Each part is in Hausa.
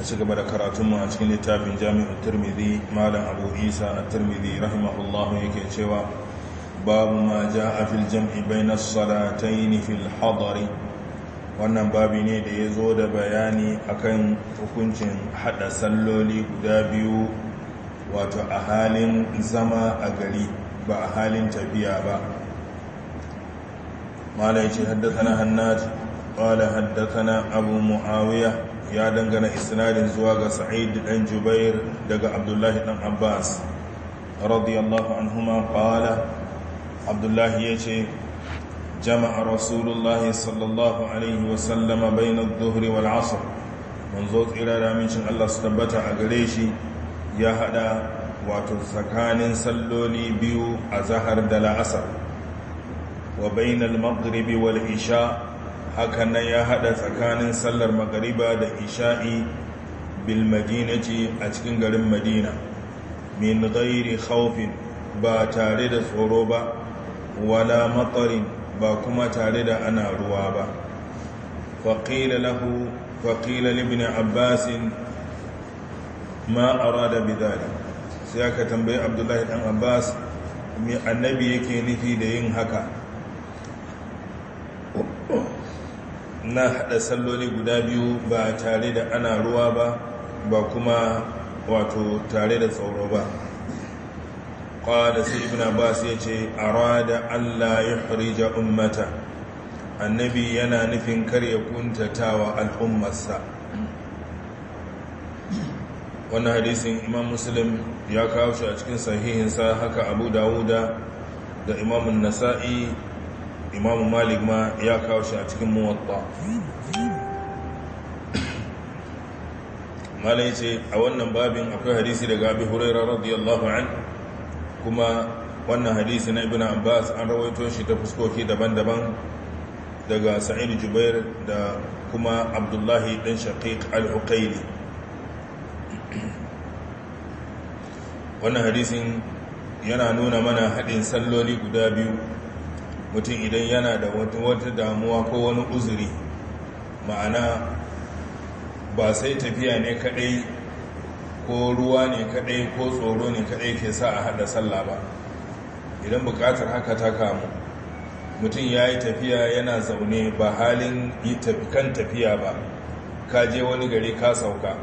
a ci gaba da karatunmu a cikin littafin jami'ar turmidi malam abu isa a turmidi rahimahullahu yake cewa babu ma ja a fil jam'i bai na fil hadari wannan babi ne da ya zo da bayani akan hukuncin hada salloli guda biyu wato a halin zama a gari ba a halin tafiya ba malam ya ce haddasa na hannati قال na abu معاوية ya dangana isnadin zuwa ga sa'id dan jubair daga abdullahi dan abbas radiyallahu anhuma qala abdullahi yace jama'a rasulullahi sallallahu alaihi wa sallama baina adh-dhuhri wal 'asr manzo tsirara mincin Allah su tabbata a gare shi ya hada wato tsakanin salloli biyu a zahar da la'asar wa bainal maghribi wal isha hakan nan ya hada tsakanin sallar magariba da isha'i bil madinati a cikin garin madina min ghairi khawfin ba tare da tsoro ba wala matarin ba kuma tare da ana ruwa ba faƙila lahu faƙila libni abbasin ma arada bidali sai aka tambayi abdullahi dan abbas mai annabi yake nufi da yin haka na haɗa salloli guda biyu ba tare da ana ruwa ba ba kuma wato tare da tsoro ba ƙwada sai ibn abbas ya ce a da allah ya harija ummata annabi yana nufin karya kuntatawa al'ummarsa Wani hadisin imam muslim ya kawo shi a cikin sahihinsa haka abu dawuda da imamun nasa'i imamu malik ma ya kawo shi a cikin muwatta malai ce a wannan babin akwai hadisi daga abi huraira radiyallahu an kuma wannan hadisi na ibn abbas an rawaito shi ta fuskoki daban-daban daga sa'id jubair da kuma abdullahi dan shaqiq al-uqayli wannan hadisin yana nuna mana haɗin salloli guda biyu mutum idan yana da wata damuwa ko wani uzuri ma'ana ba sai tafiya ne kadai ko ruwa ne kadai ko tsoro ne kadai ke sa a hada sallah ba idan bukatar haka ta kamu mutum ya yi tafiya yana zaune ba halin kan tafiya ba ka je wani gari ka sauka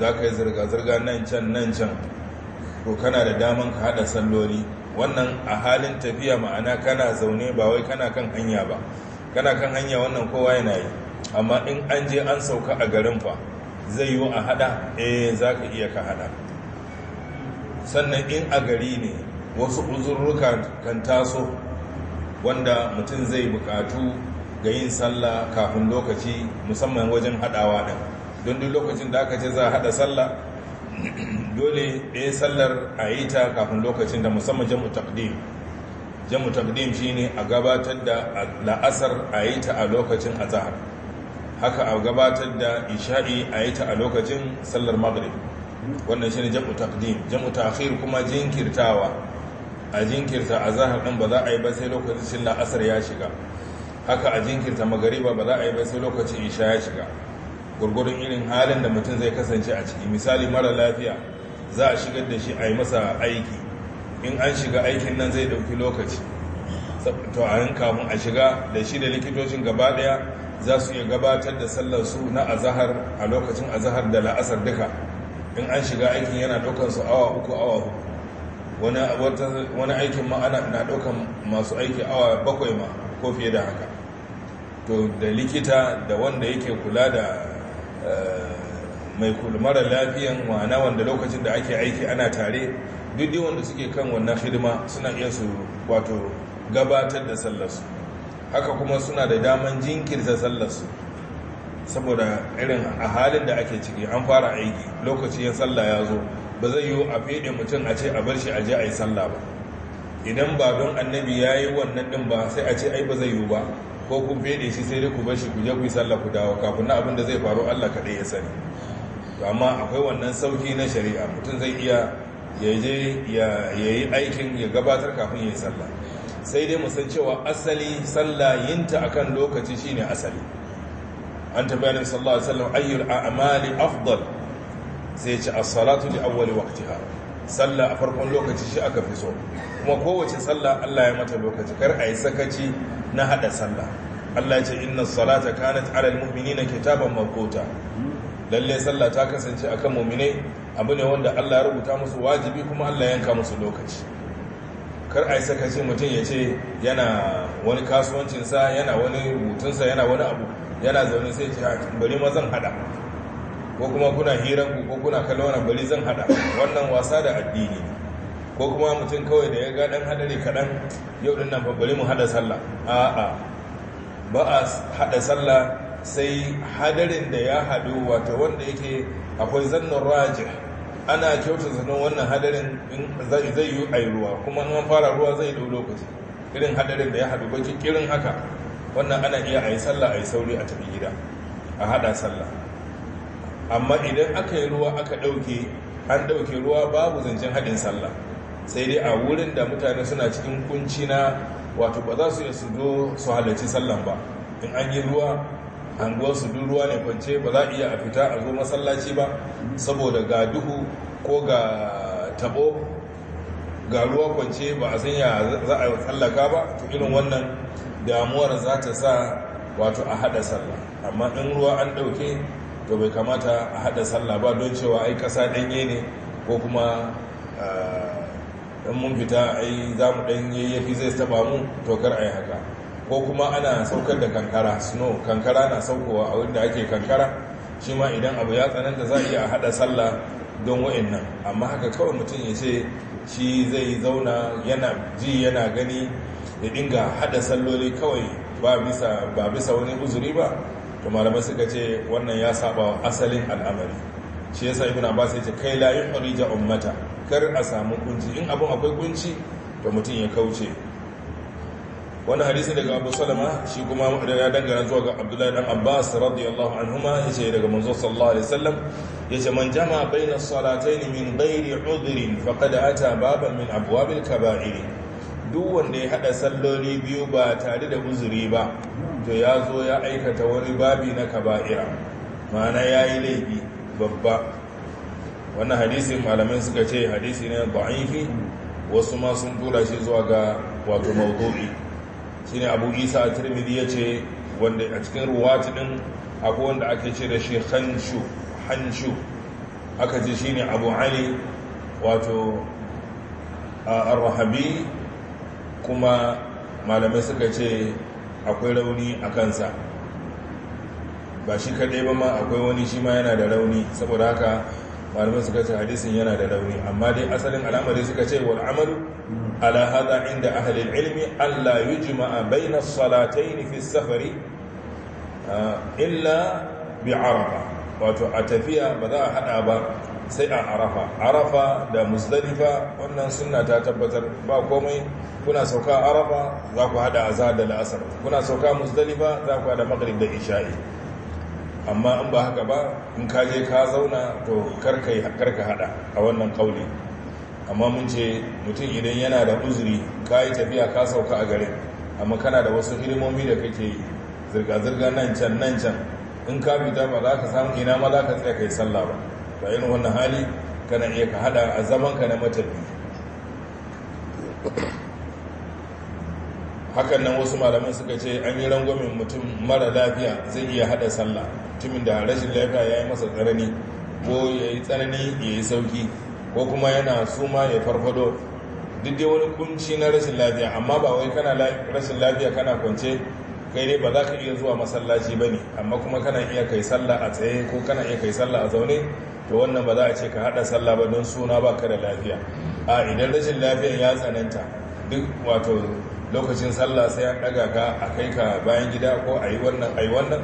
za ka yi zirga-zirga nan can nan can ko kana da daman ka hada salloli wannan a halin tafiya ma'ana kana zaune ba wai kana kan hanya ba kana kan hanya wannan kowa yana yi amma in an je an sauka a garin fa zai yi a hada eh za ka iya ka hada sannan in a gari ne wasu uzurruka kan taso wanda mutum zai bukatu ga yin sallah kafin lokaci musamman wajen hadawa din don duk lokacin da aka ce za a hada sallah dole ɗaya sallar a yi ta kafin lokacin da musamman jamu takdim jamu takdim ne a gabatar da la'asar a yi ta a lokacin azahar haka a gabatar da isha'i a yi ta a lokacin sallar maghrib wannan shi ne jamu takdim jamu ta'khir kuma jinkirtawa a jinkirta azahar ɗin ba za a yi ba sai lokacin la'asar ya shiga haka a jinkirta magariba ba za a yi ba sai lokacin isha ya shiga Gwargwarin irin halin da mutum zai kasance a ciki misali mara lafiya za a shigar da shi a yi masa aiki in an shiga aikin nan zai ɗauki lokaci to a yin kafin a shiga da shi da likitocin gaba ɗaya za su iya gabatar da sallar su na azahar a lokacin azahar da la'asar duka in an shiga aikin yana ɗaukar su awa uku awa uku wani aikin ma na ɗaukar masu aiki awa bakwai ma ko fiye da haka to da likita da wanda yake kula da mai mara lafiyan wana wanda lokacin da ake aiki ana tare duk wanda suke kan wannan hidima suna iya su wato gabatar da sallarsu haka kuma suna da daman jinkirta sallarsu saboda irin a halin da ake ciki an fara aiki Lokacin ya sallah ya zo ba zai yiwu a fiye mutum a ce a bar shi a je a yi sallah ba idan ba don annabi ya yi wannan din ba sai a ce ai ba zai yiwu ba ko kun fede shi sai dai ku bar shi ku je ku yi sallah ku dawo kafin na abin da zai faru Allah kaɗai ya sani to amma akwai wannan sauki na shari'a mutum zai iya ya je ya yi aikin ya gabatar kafin ya yi sallah sai dai mu san cewa asali sallah yinta akan lokaci shine asali an tabbaya sallallahu alaihi wasallam ayyul a'mali afdal sai ya ce as-salatu li awwali waqtiha sallah a farkon lokaci shi aka fi so kuma kowace sallah Allah ya mata lokaci kar a yi sakaci na haɗa sallah Allah ce inna salata kanat ala almu'minina kitaban mawquta lalle sallah ta kasance akan mu'mine abu ne wanda Allah ya rubuta musu wajibi kuma Allah ya yanka musu lokaci kar ai saka ce mutum ya ce yana wani kasuwancin yana wani rubutun yana wani abu yana zaune sai ce ah, bari ma zan hada ko kuma kuna hirar ku ko kuna kallon bari zan hada wannan wasa da addini ne ko kuma mutum kawai da ya ga dan hadari kaɗan yau ɗin nan bari mu hada sallah a'a ba a hada sallah sai hadarin da ya hadu wato wanda yake akwai zannin rajih ana kyautar zanen wannan hadarin zai yi a ruwa kuma an fara ruwa zai dau lokaci irin hadarin da ya haɗu ba irin haka wannan ana iya a yi sallah a yi sauri a tafi gida a haɗa sallah amma idan aka yi ruwa aka ɗauke an ɗauke ruwa babu zancen haɗin sallah sai dai a wurin da mutane suna cikin kunci na wato ba za su iya su su halarci sallan ba in an yi ruwa anguwar su duk ruwa ne kwance ba za a iya a fita a zo masallaci ba saboda ga duhu ko ga tabo ga ruwa kwance ba a san za a tsallaka ba to irin wannan damuwar za ta sa wato a hada sallah amma in ruwa an dauke to bai kamata a hada sallah ba don cewa ai kasa danye ne ko kuma ah, in mun fita ai za mu ɗan yayyafi zai taba mu tokar a yi haka ko kuma ana saukar da kankara snow kankara na saukowa a wanda ake kankara shi ma idan abu ya tsananta za a iya haɗa sallah don wa'annan amma haka kawai mutum ya ce shi zai zauna yana ji yana gani ya dinga hada salloli kawai ba bisa ba bisa wani uzuri ba to malamai suka ce wannan ya saba asalin al'amari shi yasa ibn abbas ya ce kai la yuhrija ummata kar a samu kunci in abin akwai kunci to mutum ya kauce wani hadisi daga abu salama shi kuma ya dangana zuwa ga abdullahi dan abbas radiyallahu anhuma ya ce daga manzo sallallahu alaihi wasallam ya ce man jama baina salatayn min ghairi udhrin faqad ata baban min abwabil kaba'ir duk wanda ya hada salloli biyu ba tare da uzuri ba to ya zo ya aikata wani babi na kaba'ira ma'ana yayi laifi babba wannan hadisi malamai suka ce hadisi ne ba'ifi wasu ma sun tura shi zuwa ga wato mawdu'i shine Abu Isa at-Tirmidhi yace wanda a cikin ruwati din akwai wanda ake ce da shi Hanshu Hanshu aka ce shine Abu Ali wato ar-Rahabi kuma malamai suka ce akwai rauni a kansa ba shi kaɗai ba ma akwai wani shi ma yana da rauni saboda haka malamai suka ce hadisin yana da rauni amma dai asalin al'amari suka ce wani amalu ala hada inda ahalin ilmi alla yujma'a juma'a as-salatayn fi safari ah, illa bi arafa wato a tafiya ba za a hada ba sai a arafa arafa da musdalifa wannan sunna ta tabbatar ba komai kuna sauka arafa za ku hada azhar da la'asar kuna sauka musdalifa za ku hada maghrib da isha'i amma in ba haka ba in ka je ka zauna to karka karka hada a wannan kauli amma mun ce mutum idan yana da uzuri ka yi tafiya ka sauka a garin amma kana da wasu hidimomi da kake yi zirga-zirga nan can nan can in ka fita ba za ka samu ina ma za ka tsaya kai sallah ba ba irin wannan hali kana iya ka hada a zaman ka na matafi hakan nan wasu malaman suka ce an yi rangwamin mutum mara lafiya zai iya hada sallah mutumin da rashin lafiya ya yi masa tsanani ko ya yi tsanani ya yi sauki ko kuma yana suma ya farfado duk dai wani kunci na rashin lafiya amma ba wai kana rashin lafiya kana kwance kai dai ba za ka iya zuwa masallaci ba ne amma kuma kana iya kai sallah a tsaye ko kana iya kai sallah a zaune to wannan ba za a ce ka hada sallah ba don suna ba ka da lafiya a idan rashin lafiya ya tsananta duk wato lokacin sallah sai an daga ka a kai ka bayan gida ko a yi wannan a yi wannan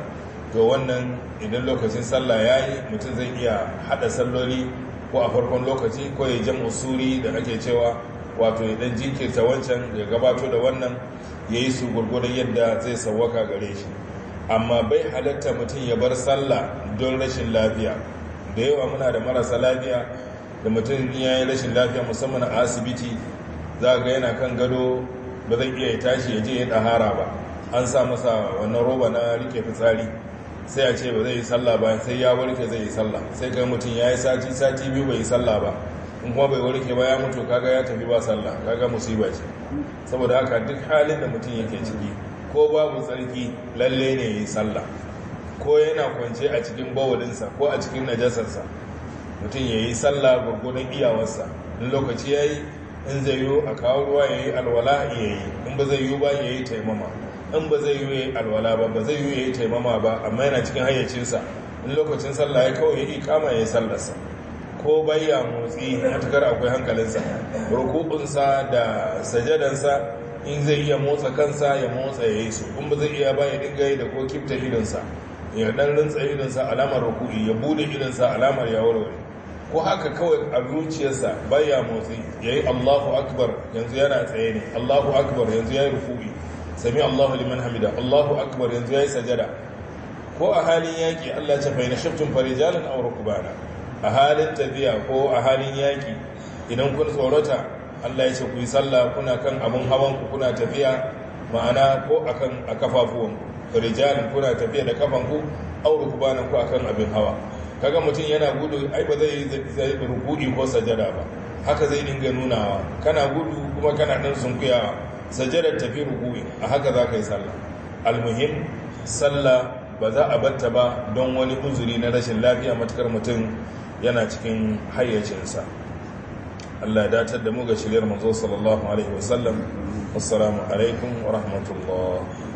to wannan idan lokacin sallah ya yi mutum zai iya haɗa salloli ko a farkon lokaci ko ya jan suri da ake cewa wato idan jinkirta wancan ya gabato da wannan ya yi su gurgurar yadda zai sauwaka gare shi amma bai halatta mutum ya bar sallah don rashin lafiya da yawa muna da marasa lafiya da mutum ya yi rashin lafiya musamman a asibiti za ga yana kan gado ba zai iya tashi ya je ya ɗahara ba an sa masa wannan roba na rike fitsari sai a ce ba zai yi sallah ba sai ya warke zai yi sallah sai kai mutum ya yi sati sati biyu bai yi sallah ba in kuma bai warke ba ya mutu kaga ya tafi ba sallah kaga musiba ce saboda haka duk halin da mutum yake ciki ko babu tsarki lalle ne ya yi sallah ko yana kwance a cikin bawalinsa ko a cikin najasarsa mutum ya yi sallah gurgunan iyawarsa in lokaci ya yi in zai yi a kawo ruwa ya yi alwala ya yi in ba zai yi ba ya yi taimama in ba zai yi alwala ba ba zai yi ya yi taimama ba amma yana cikin hayyacinsa in lokacin sallah ya kawai ya yi kama ya yi sallarsa ko bayya motsi matukar akwai hankalinsa rukukunsa da sajadansa in zai iya motsa kansa ya motsa ya yi su in ba zai iya ba ya dinga da ko kifta idonsa ya dan rintsa idonsa alamar ruku'i ya bude idonsa alamar yawon wani ko haka kawai a zuciyarsa baya motsi ya yi Allahu akbar yanzu yana tsaye ne Allahu akbar yanzu ya yi ruku'i sami Allahu liman hamida Allahu akbar yanzu ya yi sajada ko a halin yaki Allah na bayyana shiftun farijalan ku bana a halin tafiya ko a halin yaki idan kun tsorata Allah ya ce ku yi sallah kuna kan abin hawan ku kuna tafiya ma'ana ko akan a kafafuwan farijalan kuna tafiya da kafanku ku bana ku akan abin hawa kaga mutum yana gudu ai ba zai zai rukudi ko sajada ba haka zai dinga nunawa kana gudu kuma kana dan sunkuyawa sajadar tafi rukudi a haka za ka yi sallah almuhim sallah ba za a batta ba don wani uzuri na rashin lafiya matukar mutum yana cikin hayyacinsa Allah datar da mu ga shiryar manzo sallallahu alaihi wasallam assalamu alaikum wa rahmatullahi